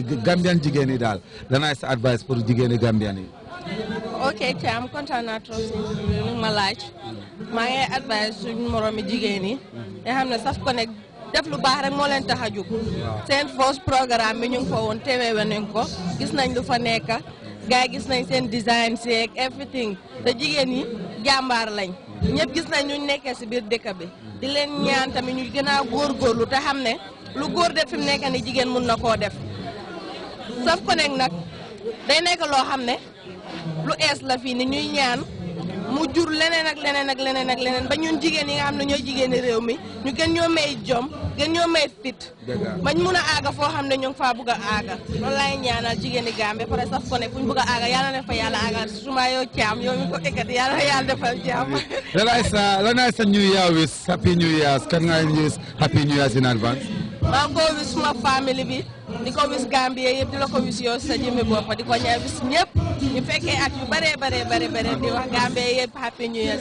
Gambian jigéen yi daal danaa sa advice pour jigéeni Gambian yi. ok Thiam kontaan naa trop si ma laaj maa ngi advice suñu moroomi jigéen yi nga xam ne saf connect def lu baax rek moo leen tax a jóg seen force programme bi ñu ngi fa woon teewewe nañ ko gis nañ lu fa nekk gars yi gis nañ seen design seeg everything te jigéen yi jambaar lañ ñëpp gis nañ ñu nekkee si biir dëkk bi di leen ñaan tamit ñu gën a góorgóorlu te xam ne lu góor def fi mu nekk ni jigéen mun koo def Sof Connect nag day nekk loo xam ne lu ees la fii ni ñuy ñaan mu jur leneen ak leneen ak leneen ak leneen ba ñun jigéen yi nga xam ne ñooy jigéeni réew mi ñu gën ñoo may jom gën ñoo may fit bañ mun a aaga foo xam ne ñu ngi faa bugg a aaga loolu laay ñaanal jigéeni Gambie pare Sof Connect fu ñu bugg a aaga yàlla na fa yàlla aagal suma yoo caam yow mi ko ekkati yàlla na yàlla defal jaam sa lanay sa New Year wis Happy New Year kan nga years Happy New Year in advance maa ngi ko wis suma famille bi di ko wis Gambie yëpp happy new year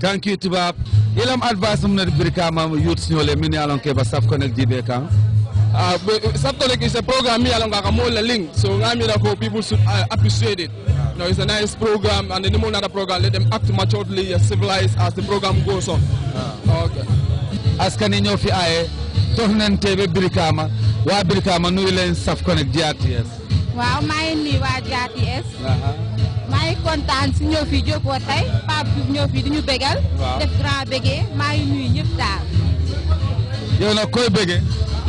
thank you tubaab ilam advice mum nati birika youth ba connect jibe kan uh, connect is a program mi yalon ka mo link so ngami da ko people should uh, appreciate it no, it's a nice program, and the name of program, let them act maturely, civilized as the program goes on. Ah. okay. Askani nyofi aye, tohnanteɓe birikama wa birikama nuyu leen saf connect s waaw maa nuyu waa GRTS maa ngi kontaan si ñëw fii jokkoo tey Pape Diouf ñëw fii duñu bégal def grand bégee maa ngi nuyu ñëpp daal yow nag koy bégee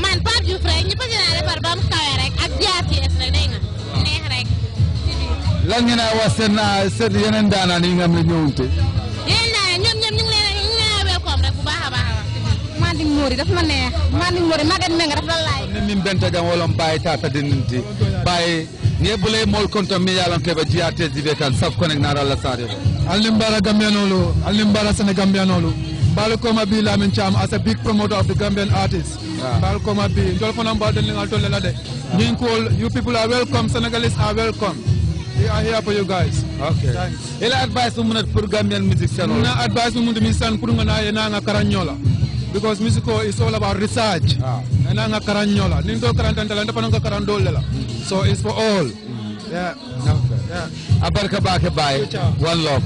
man Pape Diouf rek ñu bëgg naa ba mu kawe rek ak GRTS rek day nga neex rek lan ngeen a wax seen yeneen daanaan yi ne ñëwul muri daf ma neex mandi muri magan menga daf la laay ni min benta jam wolon baye tata dinti baye ne bulay mol konto mi yalam keba jiate dibe kan saf konek na dalla sare alim bara gambianolo alim bara sene gambianolo balkoma bi lamin cham as a big promoter of the gambian artists yeah. balkoma bi jol fona mbalden lingal tolle la de ning call you people are welcome senegalese are welcome we are here for you guys. Okay. Thanks. Ila advice mu mun pour Gambian music channel. Na advice mu mun music channel pour nga na yena nga karanyola. because musical is all about research ena ah. nga karanyola nindo karantantala ndapananga karandolela mm-hmm. so it's for all mm-hmm. yeah okay. yeah abarka one love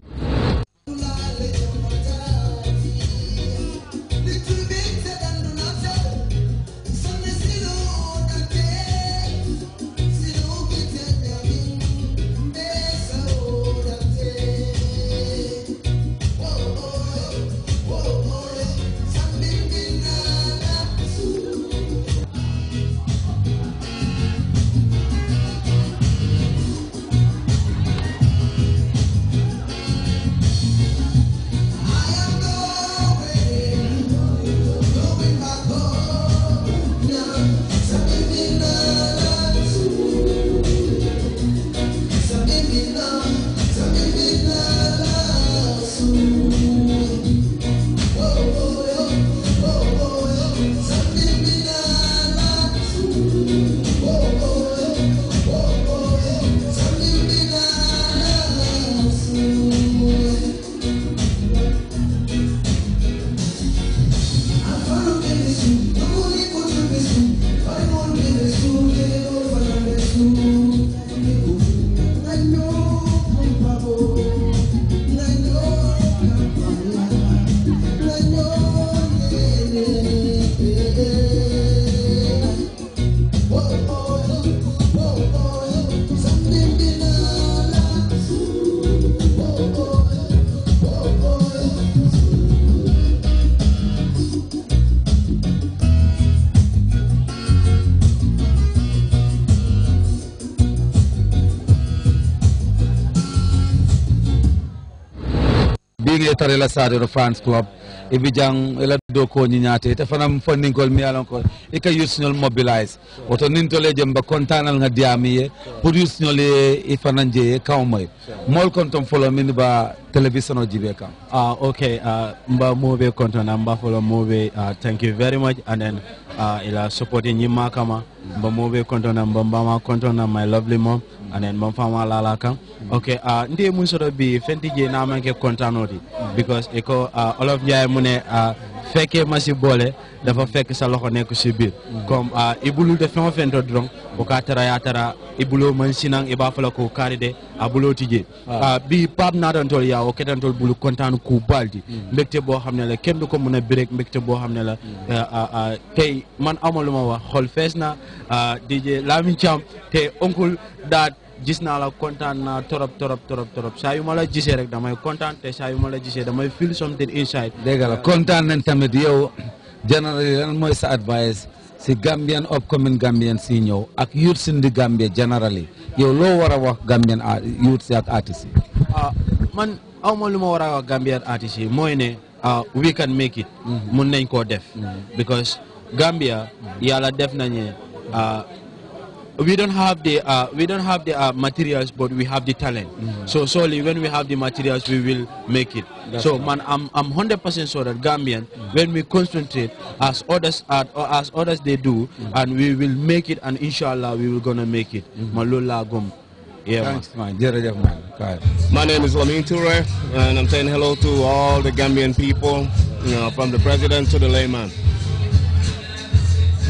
yetare la sadero france club e bijang ela do ko ñiñate te fanam fonninkol miyalon ko e ka yusnol mobilise oto nintole jemba kontanal nga diami ye pour yusnol e e fanan je e kawmay mol kon tom folo min ba television Jibeka. Uh, ah, okay, uh, mba move kontona ah, mba follow move. Uh, thank you very much, and then uh, supporting yima kama mba move kontona mba mba ma kontona my lovely mom, and then mba fama lalaka. Okay, uh, ndiye mun soro bi fenti je na manke kontanoti because iko uh, all of jaya fekkee ma si boole dafa fekk sa loxo nekk si biir comme a ah, i bulude feŋ o feŋ to doroŋ wo ka tara ye tara i buloo maŋ sinaŋ i be a fo la ko kaaride a buloo ti jee ah. ah, bii paap naatantol yaa wo ketantol bulu kontaan kuu baal ti hmm. mbégte boo xam ne la kenn du ko mun a bireeg mbégte boo xam ne la hmm. tey man amaluma wax xol fees na DJ Lamin Cham te oncle daat gis naa la kontaan naa torop torop torop torop saa yu ma la gisee rek damay kontaan te saa yu ma la gisee damay feel something inside. dégg la kontaan nañ tamit yow generally lan mooy sa advice si Gambian upcoming Gambian si ñëw ak youth si ndi Gambia generally yow loo war a wax Gambian youth si ak artiste yi. ah man aw ma lu ma war a wax Gambian artiste mooy ne ah, we can make it. Mm-hmm. mun nañ koo def. Mm-hmm. because Gambia mm-hmm. yàlla def nañu. we don't have the uh, we don't have the uh, materials, but we have the talent. Mm -hmm. So solely when we have the materials, we will make it. That's so right. man, I'm I'm hundred percent sure that Gambian, mm -hmm. when we concentrate as others are, or as others they do, mm -hmm. and we will make it, and inshallah we will gonna make it. Mm-hmm. Malola gum. Yeah, Thanks, man. man. My name is Lamin Toure, and I'm saying hello to all the Gambian people, you know, from the president to the layman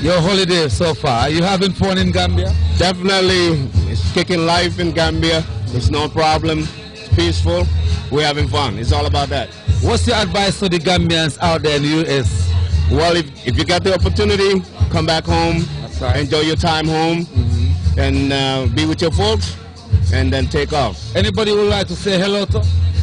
your holiday so far? Are you having fun in Gambia? Definitely. It's kicking life in Gambia. It's no problem. It's peaceful. We're having fun. It's all about that. What's your advice to the Gambians out there in the U.S.? Well, if, if you got the opportunity, come back home, right. enjoy your time home, mm -hmm. and uh, be with your folks, and then take off. Anybody would like to say hello to?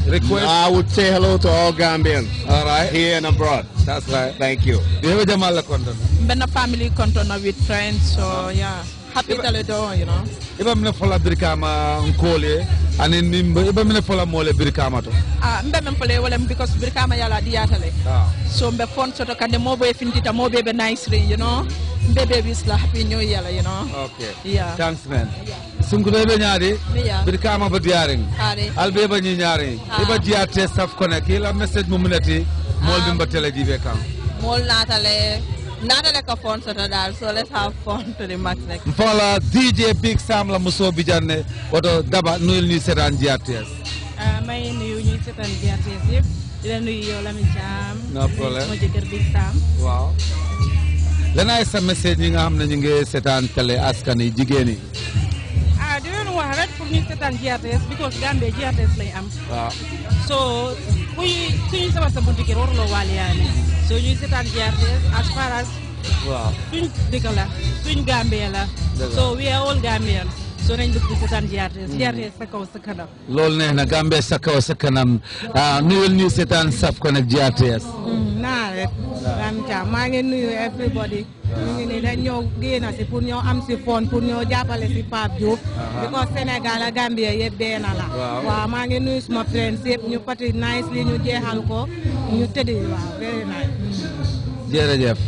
request? I would say hello to all Gambians. All right. Here and abroad. That's right. Thank you. a jamaa la kontaan. a family kontaan with friends so yeah. happy that they do, you know. Iba mne fola birikama nkole, ani nimba, iba mne fola mole birikama to. Ah, mbe mne fola wale because birikama yala diyatale. Ah. So mbe fon soto kande mobo e fintita, mobo e be nice re, you know. Mbe baby is la happy new year, you know. Okay. Yeah. Thanks, man. Yeah. Sungkudo ibe nyari, yeah. birikama ba diyaring. Hari. Albe iba nyinyari. Ah. Iba diyate staff kona, kila message mumuneti, mol ah. bimba tele jive kam. Mol natale. Nada like a fun Saturday, so let's have fun to the max next. Mfala DJ Big Sam la muso bijane wato daba nuyul ni setan GRTS. Euh, may nuyu ñuy setan GRTS yëpp di la nuyu yow Lamine Thiam. No problem. Mo jëkkër Big Sam. Waaw. Lanaay sa message ñi nga xam ne ñu ngi setaan télé askan yi jigéen yi. Ah di leen wax rek pour ñu setaan GRTS am. Waaw. kuy suñu sama sa buntu kër waruloo waale yaane soo ñuy seetaan GRTS as far as waaw suñ Gambie la so we are all Gambians soo nañ dugg seetaan GRTS hmm. GRTS sa kaw sa kanam loolu neex Gambie sa kaw sa kanam ah, nuyul ñu seetaan saf ko nag GRTS hmm. rek Ram Thiam maa ngi nuyu everybody ñu ngi nii dañ ñoo génn si pour ñoo am si fon pour ñoo jàppale si Pape Diouf because Sénégal a Gambia yëpp benn la waaw maa ngi nuyu suma friends ñu pati nice ñu jeexal ko ñu tëddi waaw very nice jërëjëf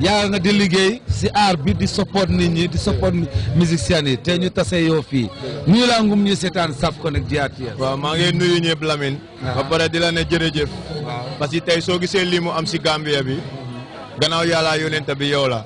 yàlla na di liggéey si aar bi di support nit ñi di support musiciens yi te ñu tase yoo fii nuyu laa ngum ñu seetaan saf ko nag jiyaat Thiès waaw maa ngi nuyu ñëpp Lamine ba pare di la ne jërëjëf parce que tey soo gisee lii mu am si Gambia bi gannaaw yàlla yonent bi yow la